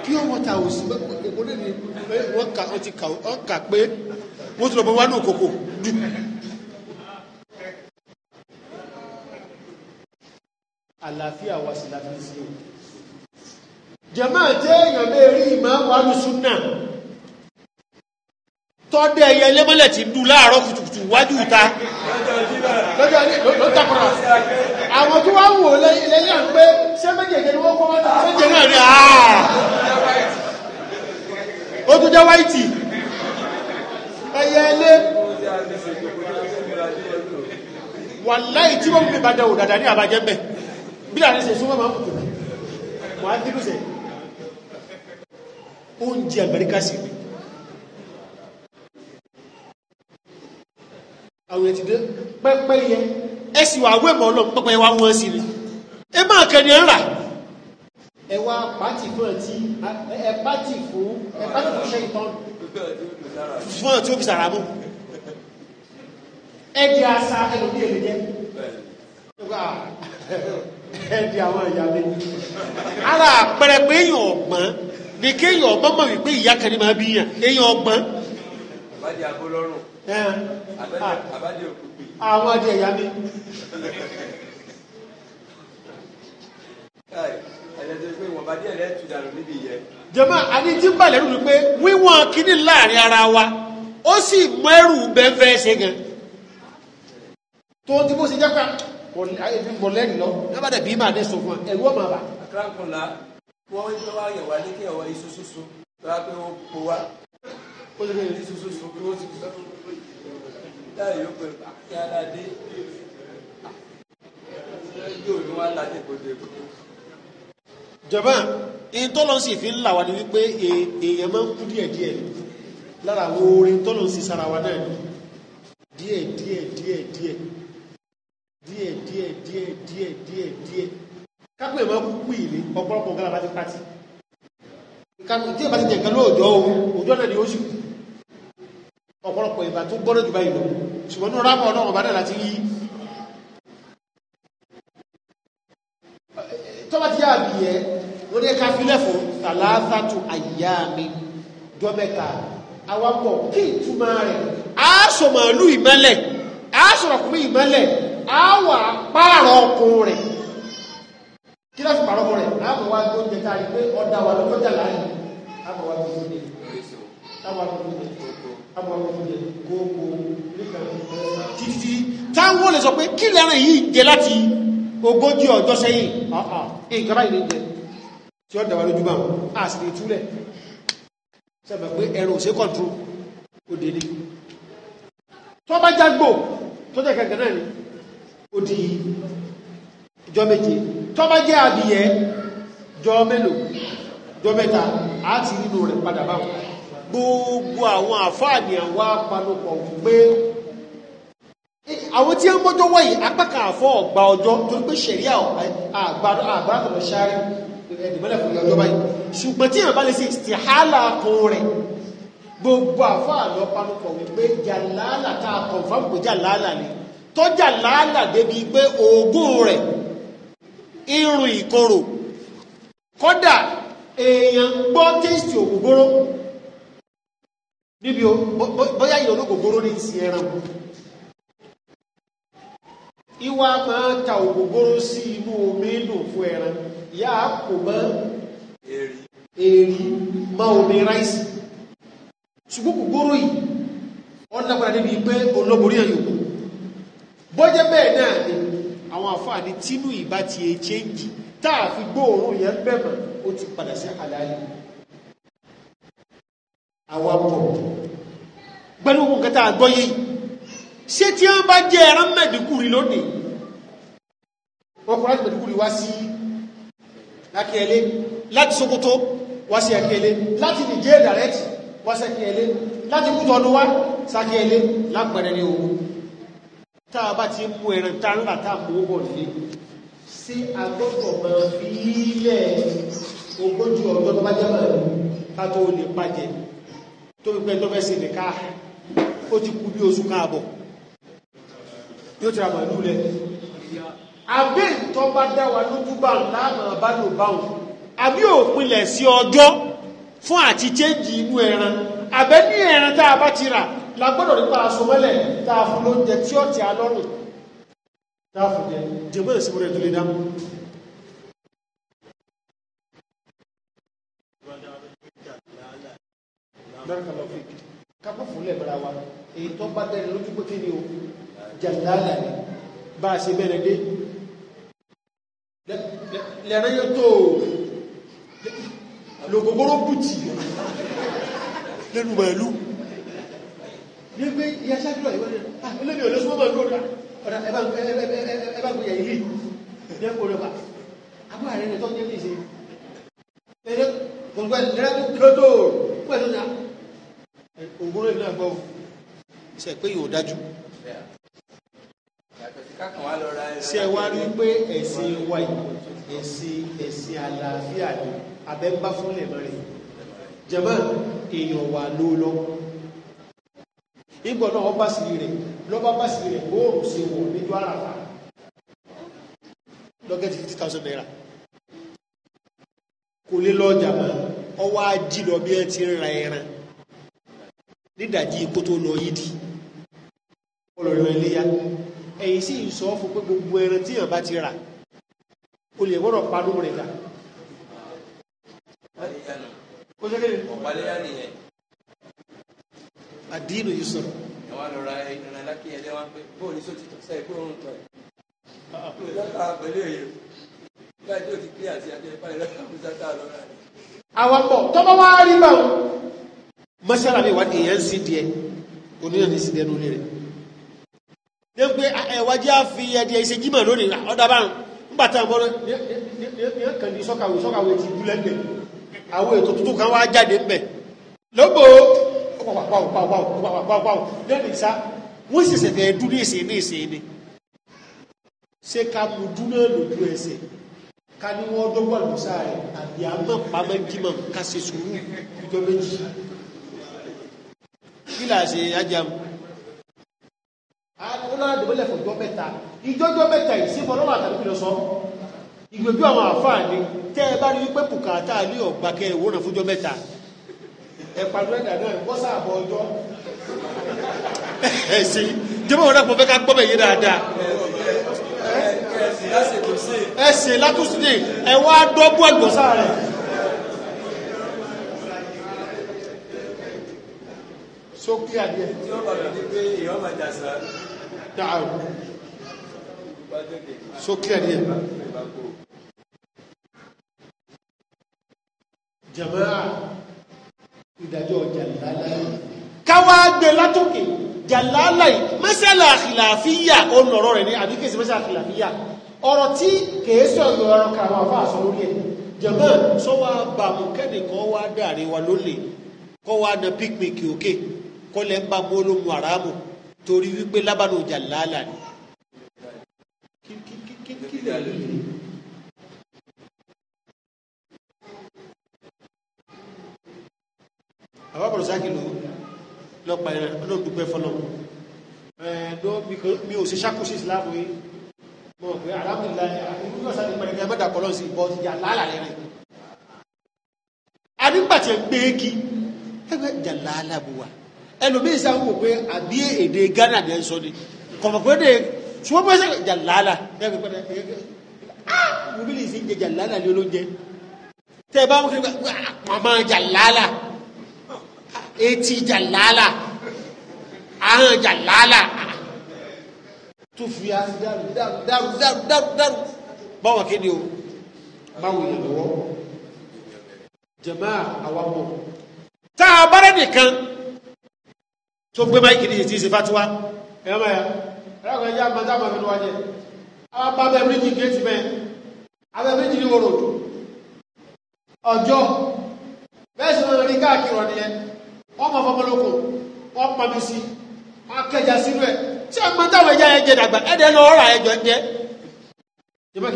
kí ọmọ ta ò sí kòkó lè ní wọ́n kà ọ́ ti kà pé wọ́n ti lọ bọ́ wánú kòkó jù àlàáfíà wa sí láti sí o jẹ́mọ́ àti èèyàn lè rí ìmọ̀ wàlú súnà tọ́dẹ̀ ẹyẹ lẹ́mọ́lẹ̀ ti dù láàárọ̀ kùtùkùtù wájú ta lọ́jọ́ ní ló takọ̀rọ̀ àwọn tó wá wò lẹ́yìn à ń pé ṣé méjèèjì ni wọ́n kọ́ wọ́n náà méjèèjì náà rí àá ó tún jẹ́ wáìtì ẹyẹ ilé wà láì tí wọ́n fi bàjẹ́ ò dàdà ní àbájẹ́ bẹ̀ bí i àrísẹ̀ súnmọ́ máa ń kùtù wọ́n á dínú sẹ̀ oúnjẹ Amẹ́ríkà sí ni àwọn ètì dé pẹ́pẹ́ yẹ ẹ sì wà wé mọ́ lọ pẹ́pẹ́ wa wọ́n sí ni ẹ máa kẹ́ni ẹ rà ẹ wá pàtì fún ẹtì ẹ pàtì fún ẹ pàtì fún ṣe ìtọ́nù fún ẹtì ó fi sàrà mú ẹ jẹ àṣà ẹlòmí èlò jẹ ẹ di àwọn ìyá mi ara àpẹẹrẹ pé èèyàn ọgbọ́n ni kéèyàn ọgbọ́n mọ̀ wípé ìyá kan ní máa bí yàn èèyàn ọgbọ́n. bá di àgbo lọ́rùn. àwọn adé ẹ̀yà mi. jẹ́mọ́ adé ń balẹ̀ pé kínní láàrin ara wa ó sì mẹ́rù bẹ́ẹ̀fẹ́ ṣe gan tó ti bó ṣe jẹ́ pa kò lẹ́yìn lọ lábàdà máa dé fún ẹ̀rú wọ́n ń tọ́wọ́ kí ẹ̀wọ̀ iṣu ṣoṣo tó pé ó wá ó lè iṣu ṣoṣo ti fi sọ́kùn. táyà yóò pè bá ah, kí á dáa dé yóò ah, ní wá ta dèbòdèbò. jọba in tọ́lọ́ sì fi ń là wá ní wípé e, èèyàn máa ń kú díẹ̀díẹ̀ lára àwọn orin tọ́lọ́ sì sára wa náà díẹ̀díẹ̀díẹ̀díẹ̀ díẹ̀ díẹ̀ díẹ̀ díẹ̀ díẹ̀ díẹ̀ kápẹ́ ìmọ̀ kúkú ìlé ọ̀pọ̀lọpọ̀ nǹkan lábàtí pátì kápẹ́ tí ìbá ti jẹ̀kan lóòjọ́ òun òjò náà ni ó sì kú ọ̀pọ̀lọpọ̀ ìgbà tó gbọ́nà jù báyìí lọ ṣùgbọ́n ní rámọ̀ náà ọba náà láti rí tọ́bá ti yáà bí ẹ lórí ẹka fílẹ̀ fún tàlàáfàtù àyà mi dọ́mẹ́ta awapọ̀ kí ìtumá rẹ̀ aṣọ màálù ìmẹ́lẹ̀ aṣọ ọkùnrin ìmẹ́lẹ̀ awà pààrọ̀ ọkùnrin rẹ̀ kí láti pààrọ̀ ọkùnrin rẹ̀ àmọ̀ wá gbóúnjẹ tá a rí pé ọ̀dà wà lọ́kọ́jà láàyè àmọ̀ wá gbóúnjẹ táwọn lè sọ pé kí lẹ́rìn yìí jẹ láti ogójì ọjọ́ sẹ́yìn nǹkan báyìí lè jẹ tí ó dàwà lójú bá wọn a sì lè túlẹ̀ sẹ́bẹ̀ pé ẹ̀rọ òṣè kọ̀ntró ó dé ní tó bá jágbò tó jẹ́ kẹ̀kẹ́ náà ó di ìjọ méje tó bá jẹ́ adìyẹ jọ mélòó jọ mẹ́ta a nínú rẹ̀ padà báwọn gbogbo àwọn àfáàní àwọn apanupọ̀ pé àwọn tí ó ń mọ́jọ́ wọ̀nyí apákà àfọ́ ọ̀gbà ọjọ́ tó pé ṣẹ̀rí àgbàtọ̀lọ̀ ṣáré ẹ̀dìmọ́lẹ̀ fún ọjọ́ báyìí ṣùgbọ́n tí ìyàn bá lè ṣe ìsìtìhálà kan rẹ̀ gbogbo àfáàní ọpanupọ̀ wípé jàlálà tá a kàn jàlálà ni tó jàlálà débi pé oògùn rẹ̀ irun ìkorò kódà èèyàn gbọ́ téèsì ògógóró níbi bóyá ìyọ̀ olóògógóró ní ìsìn ẹran ìwà máa ta ògógóró sí inú omi dùn fún ẹran ìyá kò mọ́ èrí mọ́ omi ráìsì ṣùgbọ́n ògógóró yìí wọ́n lágbára níbi pé olóborí ẹ̀yọ̀ kù bọ́jẹ́ bẹ́ẹ̀ náà ni àwọn àfáàní tínú ìbá ti ẹ̀ e chẹ́ńjì táà fi gbóòórùn yẹn bẹ̀mọ̀ ó ti padà sí àlàyé awakọ̀ gbẹ́nu ogun kẹta àgbọ́ yìí ṣé tí wọ́n bá jẹ́ ẹran mẹ́dìkúrì lónìí ọkùnrin láti mẹ́dìkúrì wá sí lákẹ́lẹ́ láti Sokoto wá sí Akẹ́lẹ́ láti Niger direct wá sí Akẹ́lẹ́ láti Kútọ́nù wá sákẹ́lẹ́ lápẹ̀rẹ̀ ní owó tá a bá ti mú ẹran tá ńlá tá mú owó bọ̀ nílé sí agbọ́dọ̀ máa fi ilẹ̀ ogójì ọjọ́ tó bá jẹ́ mọ̀ ká tó lè bàjẹ́ tó fi pẹ́ tó fẹ́ ṣe nìka ó ti kú bí oṣù káàbọ̀ yóò ti ra màálù lẹ̀ àbí ìtọ́ bá dá wa lójú bá ń láàmà bá lò báwọn àbí òpinlẹ̀ sí ọjọ́ fún àti chéjì inú ẹran àbẹ́ ní ẹran tá a bá ti rà lágbọ́dọ̀ nípa asomọ́lẹ̀ tá a fún lóúnjẹ tí ọ̀tí alọ́rùn tá a fún jẹ jẹ́mọ́ ìsinmi rẹ̀ tó lè dáhùn barakallahu fik kápọ̀ fúnlẹ̀ bara wa èyí tó bá dẹni lójú pé kí ni o jàndálà ni bá a ṣe bẹ̀rẹ̀ dé lẹ́rẹ́ yóò tó lògógóró bùtì lẹ́nu pẹ̀lú ní pé ìyá ṣáàkìlọ̀ ìwọ́n ni ẹlẹ́ni olóṣùwọ́n máa ń kó ọ̀dà ẹbàgbìyà ìlú ní ẹkùn rẹ̀ ẹ̀rẹ́ tó tó pẹ̀lú náà ògúnrò náà gbọ́ o ṣe pé yóò dájú. ṣe wá rí pé ẹ̀sìn wa ẹ̀sìn ẹ̀sìn àlàáfíà ni abẹ́ńbá fúnlẹ̀ mọ́rin jẹ́mọ́ èèyàn wà ló lọ ìgbọ̀n náà ọba sí rẹ̀ lọ́ba bá sí rẹ̀ oòrùn sí wọ̀ níjú àràfà lọ́gẹ́tì fifty thousand naira kò lè lọ́ọ́ jàmọ́ ọwọ́ ajílọ bí ẹ ti ń ra ẹran dídàjí kó tó lọ yídì ọlọ́rọ̀ iléyá ẹ̀yìn sí ìsọ fún pé gbogbo ẹran tí yàn bá ti rà o lè gbọ́dọ̀ pa lóhùn rẹ̀ dà ó ṣe kéde ọ̀páléyà nìyẹn àdínù yìí sọ̀rọ̀ ẹ̀wà lọ ra ìrìnà lákì ẹ̀dẹ́ wọn pé bóò ní sóti tọ̀ sẹ́yìn kó rún tọ̀ ẹ̀ lọ́ta ah. pẹ̀lú èyí láti o ti pé àti àjẹ́ ìpá ìrẹ́pà mú sátá lọ́ra rẹ̀ àwọn pọ̀ tọ́mọ́ wá rí báwọn mọ́ṣálà mi wà èèyàn sí díẹ̀ oníyàn ní sí díẹ̀ lórí rẹ̀ ní pé ah, ẹ̀wájú àfi ẹ̀díẹ̀ ìṣe jímọ̀ lónìí ah, ọ̀dà bá ń gbà tá à ń bọ́ ní kàn ní sọ́kàwé sọ́kàwé ti dú lẹ́gbẹ̀ àwọn ètò tuntun kan wá jáde ń bẹ̀ lóbò lẹ́nu ìsá wọ́n sì ṣẹ̀fẹ̀ dú ní ìsìn ní ìsìn ni ṣé ká mú dú náà lójú ẹsẹ̀ ká ní wọ́n dọ́gbọ̀n lọ́sàá rẹ̀ àbí àmọ́ pàmọ́ jímọ̀ ká ṣe sùúrù ìjọ méjì kí là ṣe ajámu aládùúgbòlẹ̀ fún mẹ́ta ìjọjọ́ mẹ́ta ìsímọ̀ lọ́wọ́ àtàrí kí lọ sọ ìgbèjú àwọn àfáà ni tẹ́ bá rí wípé bùkátà ní ọ̀gbà kẹ ìwòrán fúnjọ mẹ́ta ẹ̀pàdé náà wọ́n sáàbọ̀ ọjọ́ *laughs* ẹ̀sìn jẹ́mọ̀ wọn náà sókè adìẹ. tí ó bàbá ní pé èèyàn máa jà sá. dáa o sókè adìẹ. jamaa ìdájọ́ jàlálà yìí. káwá gbé látòkè jàlálà yìí mẹ́sàlá àkìláfíyà ó nọ̀rọ̀ rẹ̀ ní àbí kèsì mẹ́sàlá àkìláfíyà ọ̀rọ̀ tí kèésì ọ̀gbọ̀n ọ̀rọ̀ kàrọ̀ àfà àṣọ lórí ẹ̀ jàmáà sọ wá bàmù kẹ́nìkan wá dàrí wa lólè kọ́ wá na píkmìkì òkè. Okay kọ́lẹ̀ ń bá mú olóhùn àràmù torí wípé lábàánú ọjà làálà ni. àwọn àbọ̀rọ̀ sáà kìlọ̀ lọ́pàá ẹ̀rọ ọlọ́run dúpẹ́ fọlọ́ mi ò ṣe ṣàkóso ìsìláàmù yìí mo rò pé alámùlá ìlú yóò sáré pẹ̀lú ẹgbẹ́ dàpọ̀ lọ́sí ìbọn ìjà làálà lẹ́rìn. a nígbà tí ẹ gbé egi ẹgbẹ́ ìjà làálà bù wá ẹlòmíì sá ń wò pé àbí èdè Ghana ni ẹ ń sọ ni kọ̀mọ̀ pé de ṣùgbọ́n pé sẹ́yìn jàlálà ẹgbẹ́ pẹ́ẹ́dẹ́ mo bí lè ṣe ń jẹ jàlálà ní olóúnjẹ tẹ́ ẹ bá wọn kiri ah, màmá jàlálà etí jàlálà ahọ́n jàlálà tó fi á dàrú dàrú dàrú dàrú dàrú dàrú kéde o báwọn yẹn lọ́wọ́ jẹ̀má àwọn ọmọ tá a bára nìkan. tó gbé máìkì ní ìsí ìsìfàtíwá ẹ̀mọ́ ẹ̀ ẹ̀rọ ẹ̀yà àgbàdàmọ̀ nínú wájẹ́ àwọn bá bẹ́ẹ̀ méjì gé ti bẹ́ẹ̀ abẹ́ méjì ní wòrò ọjọ́ bẹ́ẹ̀ sì lọ́nà rí káàkiri ọ̀nì yẹn wọ́n mọ̀ fọmọlókò wọ́n pa mi sí akẹjà sínú ẹ̀ tí a máa dáwọ̀ ẹja ẹjẹ dàgbà ẹ̀dẹ̀ lọ ọ̀rà ẹjọ jẹ́ jẹ́mọ́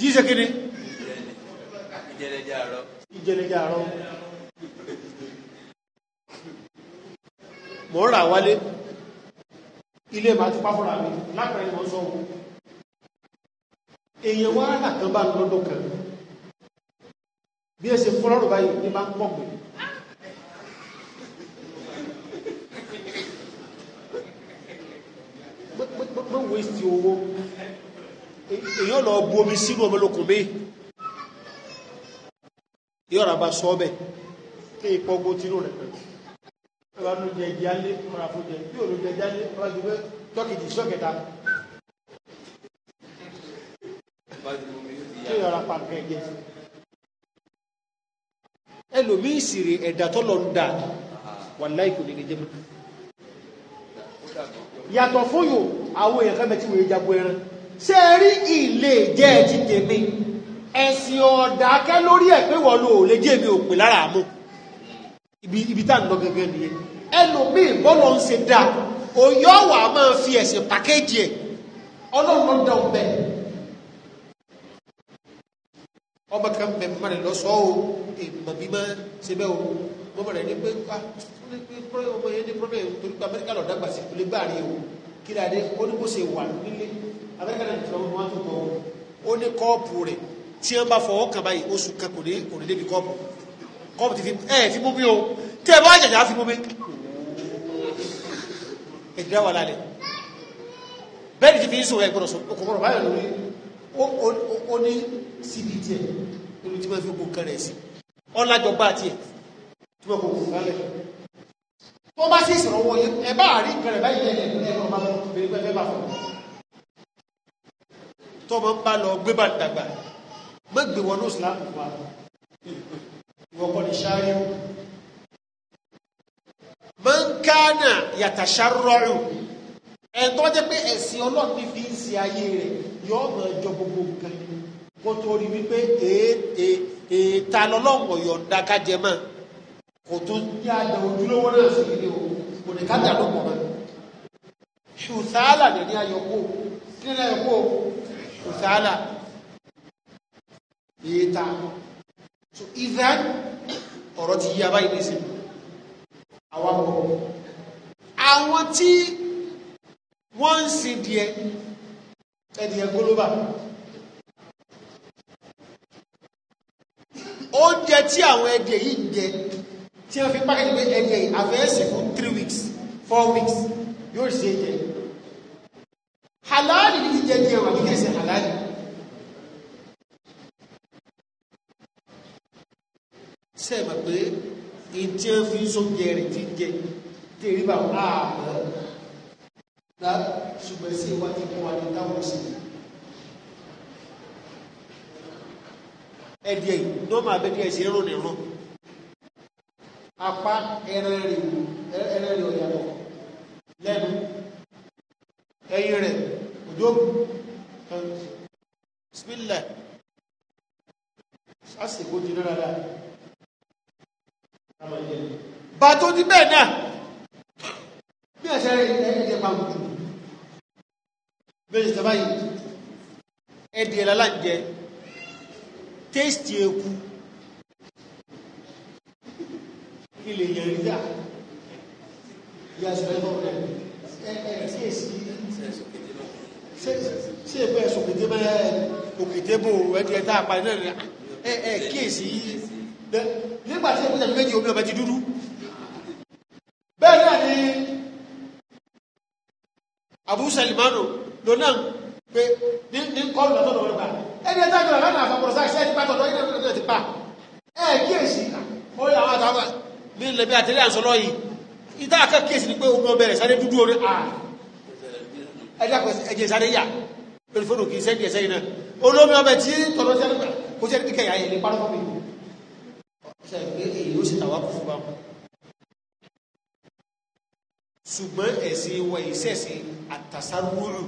jíṣe kí ni ìjẹnijẹ àárọ̀ mọ̀ ń rà wálé ilé ma ti pápọ̀rọ̀ àmì lápẹ̀rẹ̀ mọ́ sọ́wọ́ èèyàn wá rà kan bá lọ́dọ̀ kan bí ẹ ṣe fọ́lọ́rọ̀ báyìí ní bá ń pọ̀ pẹ̀lú gbogbo waste owó èyàn lọ bu omi sínú ọmọlókùn mí yọ́ra bá sọ ọbẹ̀ kí ìpọ́gbó tí ló rẹ̀ pẹ̀lú ẹwà ló jẹ ìyálé mara fún jẹ bí olóòjẹ ìyálé mara jù pé tọ́kìtì sọ́kẹta kí ìyára pàǹkẹ́ jẹ ẹlòmí ìsìrì ẹ̀dà tọ́lọ̀ ń dà wà láìkò ní gẹjẹ mọ́ yàtọ̀ fún yóò àwọn èèyàn kẹ́mẹ́ tí wọ́n jago ẹran ṣé ẹ rí ilé jẹ́ ẹ ti tèmi ẹ̀sìn ọ̀dàkẹ́ lórí ẹ̀ pé wọ́n lo òòlè jẹ́ èmi ò pè lára àmú ibi tá à ń lọ gẹ́gẹ́ nìyẹn ẹlòmíì bọ́lọ̀ ń ṣe dáa òye ọ̀wà máa fi ẹ̀sìn pàkéjì ẹ̀ ọlọ́run ló dá ọba kan bẹ̀ mọ́ rẹ̀ lọ́sọ́ o èèmọ̀ bí máa ṣe bẹ́ẹ̀ o mọ́mọ́ rẹ̀ ní pé ah, ọmọ yẹn ní pọ́nbẹ̀ torí pé amẹ́ríkà lọ́dàgbà sí ìpínlẹ̀ gbáà rí o kí ni adé ó ní kó ṣe wà nílé abẹ́rẹ́kẹ́ náà ó ní kọ́ọ̀pù rẹ̀ tí wọ́n bá fọwọ́ kàn báyìí oṣù kan kò ní kò ní kọ́ọ̀pù kọ́ọ̀pù ti fi ẹ̀ fi mú mi o tẹ́ ẹ bá jàjà fi mú mi ẹ̀dá wà lálẹ́ bẹ́ẹ̀ni ti fi ń sọ ẹ̀ gbọ́dọ̀ sọ lórí ó ní síbi tiẹ̀ nínú tí wọ́n fi gbogbo kẹrẹ̀ sí ọlájọba àti ẹ̀ tí wọ́n kò kò kálẹ̀ tó bá sì sọ̀rọ̀ wọ ẹ̀ bá àrí kẹrẹ̀ báyìí lẹ́yìn ẹ̀ tọ́mọ ń bá lọ gbé bá dàgbà mẹ́gbẹ̀ wọn ló sùlámù wa ìwọ̀kọ́ ni ṣáárí o máa ń kánà yàtàṣárọ́rù ẹni tó jẹ́ pé ẹ̀sìn ọlọ́run ní fi ń ṣe ayé rẹ̀ yọ ọmọ ẹjọ́ gbogbo nǹkan kó tó rí wípé èèta lọ́lọ́run ọ̀yọ̀ kájẹ mọ́ kò tó ní àjà ojúlówó náà sí ilé o kò ní kájà ló pọ̀ mọ́ ṣùtàálà ní ayọ̀kó nílẹ̀ ayọ̀kó òsàlà yíta so ìdán ọ̀rọ̀ ti yí abáyé ní ìsinmi àwọn akọ̀ àwọn tí wọ́n ń sin díẹ̀ ẹ̀dìyẹ gólóbà oúnjẹ tí àwọn ẹ̀dìyẹ yìí ń jẹ tí wọ́n fi pákẹ́tì pé ẹ̀dìyẹ yìí àfẹ́ẹ̀sì fún three weeks four weeks yóò ṣe jẹ halali ní jíjẹ jẹ wà kíkẹ́ sí halali sẹ́ẹ̀mà pé ìtí ó fi sóúnjẹ rẹ̀ ti jẹ tèrí bá ààbọ̀ dá ṣùgbọ́n sí ìwádìí fún wa ní táwọn sí ẹ̀dìẹ̀ nọ́mà abẹ́díẹ̀ sí rùn nìrùn apá ẹran rẹ̀ ọ̀yàwó lẹ́nu ẹ̀yìn rẹ̀ yóò bísmílẹ̀ sásìkò jìnnà dáadáa bá tó ti bẹ́ẹ̀ náà bí ẹ̀ṣẹ́ rẹ̀ ẹ̀yẹ́ jẹ́ pàmò jù bẹ́ẹ̀ ṣe báyìí ẹ̀dì ẹ̀lá láǹjẹ tẹ́sítì eku ilẹ̀ yẹn rí dáa ìyá ṣẹlẹ̀ lọ́wọ́ ṣé ìpẹ́ ẹ̀sùn òkèdè bẹ́ẹ̀ òkèdè bò ẹ̀dì ẹ̀dá àpárí náà ni ẹ̀ kíyèsí yìí nígbà tí ẹ̀kú tẹ̀lé méjì omi ọ̀bẹ ti dúdú bẹ́ẹ̀ náà ni Abu Salimano lónà pé ní kọ́ọ̀lù lọ́tọ̀ lọ́wọ́ gbà ẹni ẹ̀dá jọ̀ọ́ lánàá àfọ̀mọ̀sá iṣẹ́ ti pàtó lọ́yìn náà ti pa ẹ̀ kíyèsí ó yà wá àtàwọn ní ilẹ̀ bí àtẹ̀lé àǹsọ̀lọ́ yìí ìdá akẹ́kíyèsí ni pé omi ọ̀bẹ rẹ̀ sáré dúdú orí àà ẹ̀dàkọ̀ ẹ̀jẹ̀ sáré yà lórí fóònù kì í sẹ́yìn ẹ̀sẹ́yìn náà olómi ọbẹ̀ tí tọ̀lọ́ sí ẹ̀dàkọ̀ kò sí ẹ̀dàkọ̀ yà yẹn ní pàrọ̀ fún mi. ọ̀sẹ̀ pé èyí ó sì tàwa kù fún wa. ṣùgbọ́n ẹ̀sìn wọ iṣẹ́ sí àtàsárúurú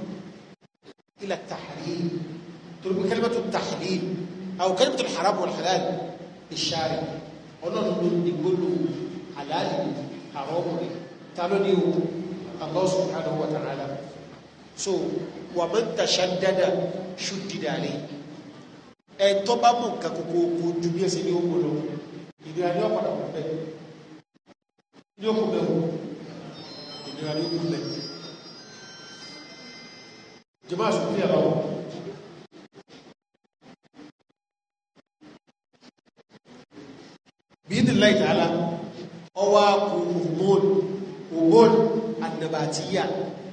ilà tàhàrí torí pé kẹ́lẹ́mẹ́ tó tàhàrí àwọn kẹ́lẹ́mẹ́ tó haram wal halal ìṣàrè ọlọ́run ló ní gbólóhùn o Allah subhanahu wa ta'ala so wà máa ń tàṣà dáadáa ṣùdìdà rẹ̀ ẹ̀ tọ́ bá mọ̀ nǹkan kókó kó ju bí ẹsẹ̀ ní owó lọ ìnira ní ọ̀padà kò bẹ̀ ní òkú bẹ̀ wò ìnira ní òkú bẹ̀ jọba àṣùkú yàrá wọn. bídìláì tààlà ọwọ́ àpò ògbóòn ògbóòn àdàbàtìyà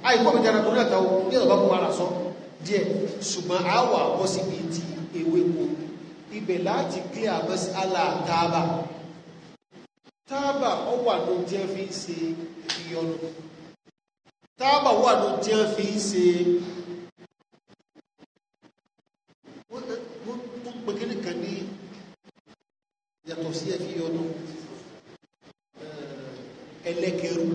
àìkọ́ mi dára torí àtàwọn yóò tọ́ bá ara sọ díẹ̀ ṣùgbọ́n a wà bọ́ síbi ti ewéko ibẹ̀ láti clear àmọ́ sí aláàtàbà tábà ó wà ló jẹ́ fi ń ṣe ìyọnu tábà wà ló jẹ́ fi ń ṣe wọ́n pè kíni kan ní yàtọ̀ sí ẹ̀fí ìyọnu ẹlẹ́kẹrù.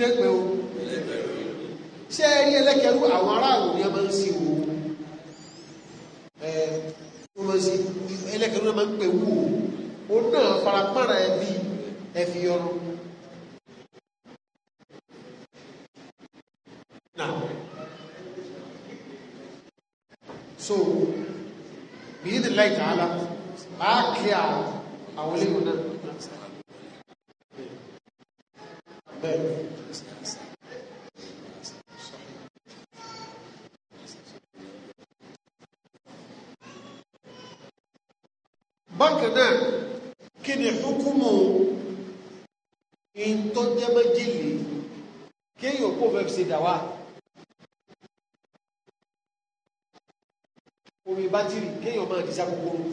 lẹ́pẹ́ o ṣé ẹ rí ẹlẹ́kẹ̀rú àwọn aráàlú ni wọ́n máa ń sí o ẹ wọ́n máa ń sí ẹlẹ́kẹ̀rú náà máa ń pè wú o ó náà fara pàrà ẹbí ẹ̀fìyọrùn já com